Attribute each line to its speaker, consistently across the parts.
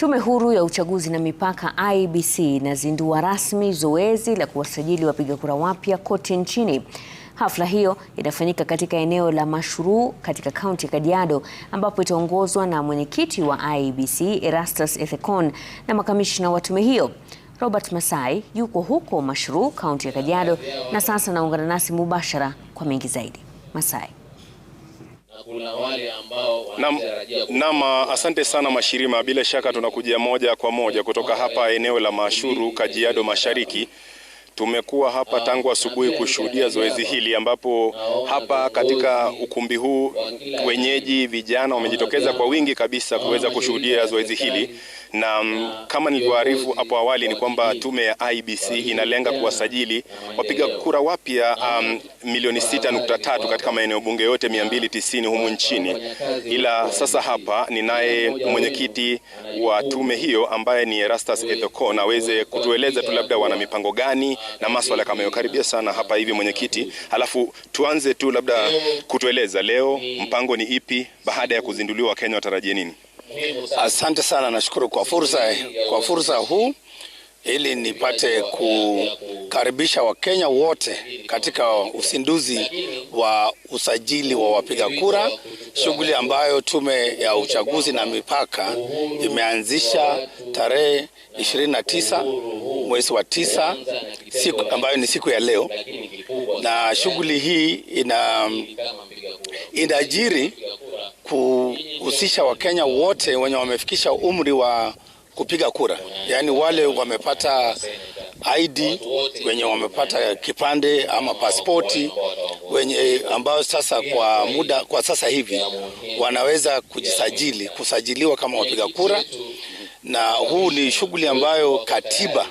Speaker 1: Tume Huru ya Uchaguzi na Mipaka IEBC inazindua rasmi zoezi la kuwasajili wapiga kura wapya kote nchini. Hafla hiyo itafanyika katika eneo la Mashuru katika kaunti ya Kajiado ambapo itaongozwa na mwenyekiti wa IEBC Erastus Ethekon na makamishna wa tume hiyo. Robert Masai yuko huko Mashuru, kaunti ya Kajiado na sasa anaungana nasi mubashara kwa mengi zaidi. Masai
Speaker 2: kuna wale ambao nama. Uh, asante sana Mashirima, bila shaka tunakuja moja kwa moja kutoka hapa eneo la Mashuru, Kajiado Mashariki. Tumekuwa hapa ah, tangu asubuhi kushuhudia zoezi hili, ambapo hapa katika ukumbi huu wenyeji vijana wamejitokeza kwa wingi kabisa kuweza kushuhudia zoezi hili na mm, kama nilivyoarifu hapo awali ni kwamba tume ya IBC inalenga kuwasajili wapiga kura wapya um, milioni 6.3 katika maeneo bunge yote 290 humu nchini. Ila sasa hapa ninaye mwenyekiti wa tume hiyo ambaye ni Erastus Ethekon aweze kutueleza tu labda wana mipango gani na maswala kama hiyo. Karibia sana hapa hivi mwenyekiti, halafu tuanze tu labda kutueleza leo mpango ni ipi baada ya kuzinduliwa, Wakenya watarajie nini?
Speaker 3: Asante sana, nashukuru kwa fursa, kwa fursa huu ili nipate kukaribisha Wakenya wote katika usinduzi wa usajili wa wapiga kura, shughuli ambayo tume ya uchaguzi na mipaka imeanzisha tarehe 29 mwezi wa tisa, siku ambayo ni siku ya leo, na shughuli hii ina inajiri ku husisha Wakenya wote wenye wamefikisha umri wa kupiga kura, yaani wale wamepata ID, wenye wamepata kipande ama pasipoti, wenye ambao sasa kwa muda kwa sasa hivi wanaweza kujisajili kusajiliwa kama wapiga kura, na huu ni shughuli ambayo katiba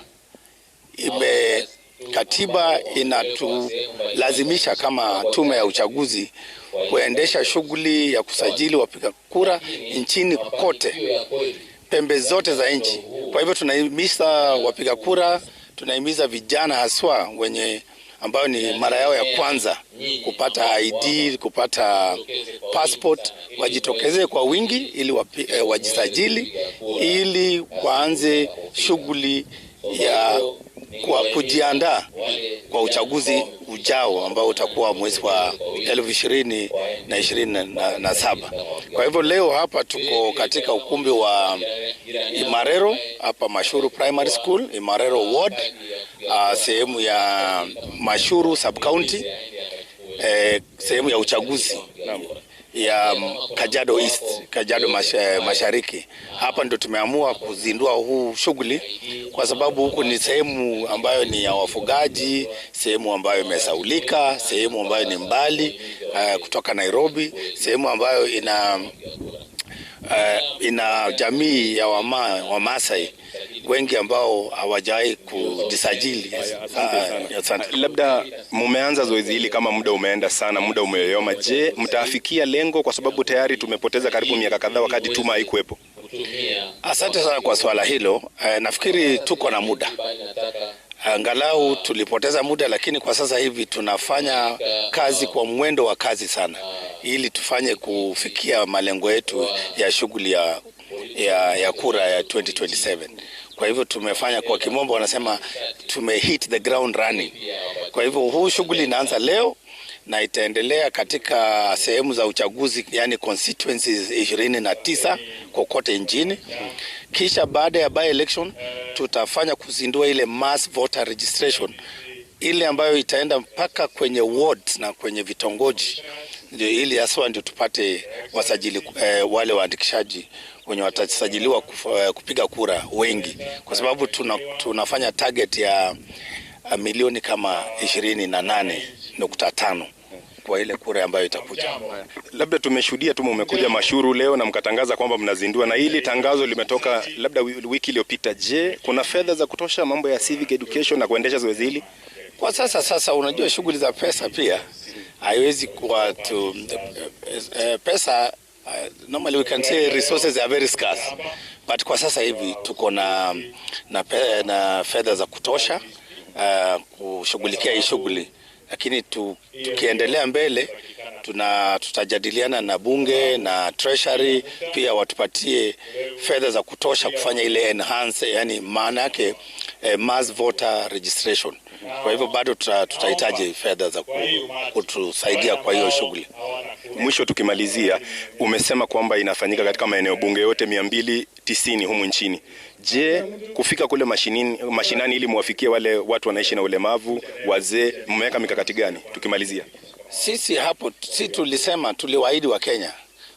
Speaker 3: ime Katiba inatulazimisha kama tume ya uchaguzi kuendesha shughuli ya kusajili wapiga kura nchini kote, pembe zote za nchi. Kwa hivyo tunahimiza wapiga kura, tunahimiza vijana haswa wenye ambayo ni mara yao ya kwanza kupata ID, kupata passport, wajitokeze kwa wingi ili wapi, eh, wajisajili ili waanze shughuli ya kwa kujiandaa kwa uchaguzi ujao ambao utakuwa mwezi wa elfu ishirini na ishirini na saba. Kwa hivyo leo hapa tuko katika ukumbi wa Imarero hapa Mashuru Primary School, Imarero Ward, uh, sehemu ya Mashuru Sub County, eh, sehemu ya uchaguzi. Naam ya Kajado East, Kajado eh, Mashariki. Hapa ndo tumeamua kuzindua huu shughuli kwa sababu huku ni sehemu ambayo ni ya wafugaji, sehemu ambayo imesaulika, sehemu ambayo ni mbali uh, kutoka Nairobi, sehemu ambayo ina uh, ina jamii ya wama, Wamasai wengi ambao hawajai kujisajili.
Speaker 2: Ah, ah, labda mumeanza zoezi hili kama muda umeenda sana, muda umeyoyoma, je, mtaafikia lengo? Kwa sababu tayari tumepoteza karibu miaka kadhaa wakati tuma haikuwepo.
Speaker 3: Asante sana kwa swala hilo. E, nafikiri tuko na muda angalau tulipoteza muda, lakini kwa sasa hivi tunafanya kazi kwa mwendo wa kazi sana, ah. ili tufanye kufikia malengo yetu ya shughuli ya ya, ya kura ya 2027. Kwa hivyo tumefanya kwa kimombo wanasema hit the ground running. Kwa hivyo huu shughuli inaanza leo na itaendelea katika sehemu za uchaguzi yani constituencies ishirini na tisa kokote nchini. Kisha baada ya by election tutafanya kuzindua ile mass voter registration ile ambayo itaenda mpaka kwenye wards na kwenye vitongoji, ndio ili haswa ndio tupate wasajili eh, wale waandikishaji wenye watasajiliwa eh, kupiga kura wengi, kwa sababu tuna, tunafanya target ya eh, milioni kama ishirini na nane nukta tano kwa ile kura ambayo itakuja.
Speaker 2: Labda tumeshuhudia tu mmekuja Mashuru leo na mkatangaza kwamba mnazindua, na hili tangazo limetoka labda wiki iliyopita. Je, kuna fedha za kutosha mambo ya civic education na kuendesha zoezi hili
Speaker 3: kwa sasa? Sasa unajua shughuli za pesa pia haiwezi kuwa tu, eh, pesa Uh, normally we can say resources are very scarce but kwa sasa hivi tuko na, na, na fedha za kutosha uh, kushughulikia hii shughuli, lakini tu, tukiendelea mbele tuna, tutajadiliana na bunge na treasury pia watupatie fedha za kutosha kufanya ile enhance, yani maana yake eh, mass voter registration. Kwa hivyo bado tutahitaji fedha za kutusaidia kwa hiyo shughuli.
Speaker 2: Mwisho tukimalizia, umesema kwamba inafanyika katika maeneo bunge yote mia mbili tisini humu nchini. Je, kufika kule mashinini, mashinani ili muwafikie wale watu wanaishi na ulemavu, wazee, mmeweka mikakati gani? Tukimalizia
Speaker 3: sisi hapo, si tulisema tuliwaahidi wa Kenya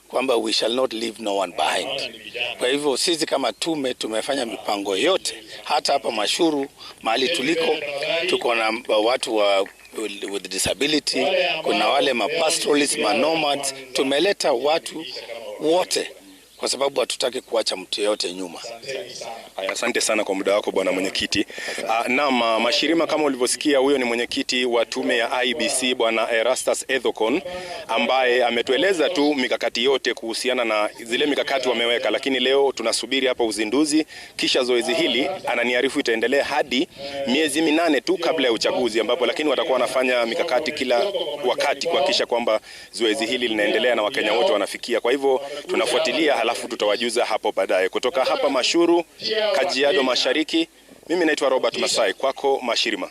Speaker 3: kwamba we shall not leave no one behind. Kwa hivyo sisi kama tume tumefanya mipango yote, hata hapa Mashuru mahali tuliko, tuko na watu wa with disability, kuna wale mapastoralis, manomads. Tumeleta watu wote kwa sababu hatutaki kuacha mtu yeyote nyuma.
Speaker 2: Asante sana kwa muda wako bwana mwenyekiti. Ah, naam, ah, Mashirima, kama ulivyosikia, huyo ni mwenyekiti wa tume ya IBC bwana Erastus eh, Ethocon ambaye ametueleza tu mikakati yote kuhusiana na zile mikakati wameweka, lakini leo tunasubiri hapa uzinduzi, kisha zoezi hili ananiarifu itaendelea hadi miezi minane tu kabla ya uchaguzi, ambapo lakini watakuwa wanafanya mikakati kila wakati kuhakikisha kwamba zoezi hili linaendelea na Wakenya wote wanafikia. Kwa hivyo tunafuatilia alafu tutawajuza hapo baadaye. Kutoka hapa Mashuru, Kajiado Mashariki, mimi naitwa Robert Masai, kwako Mashirima.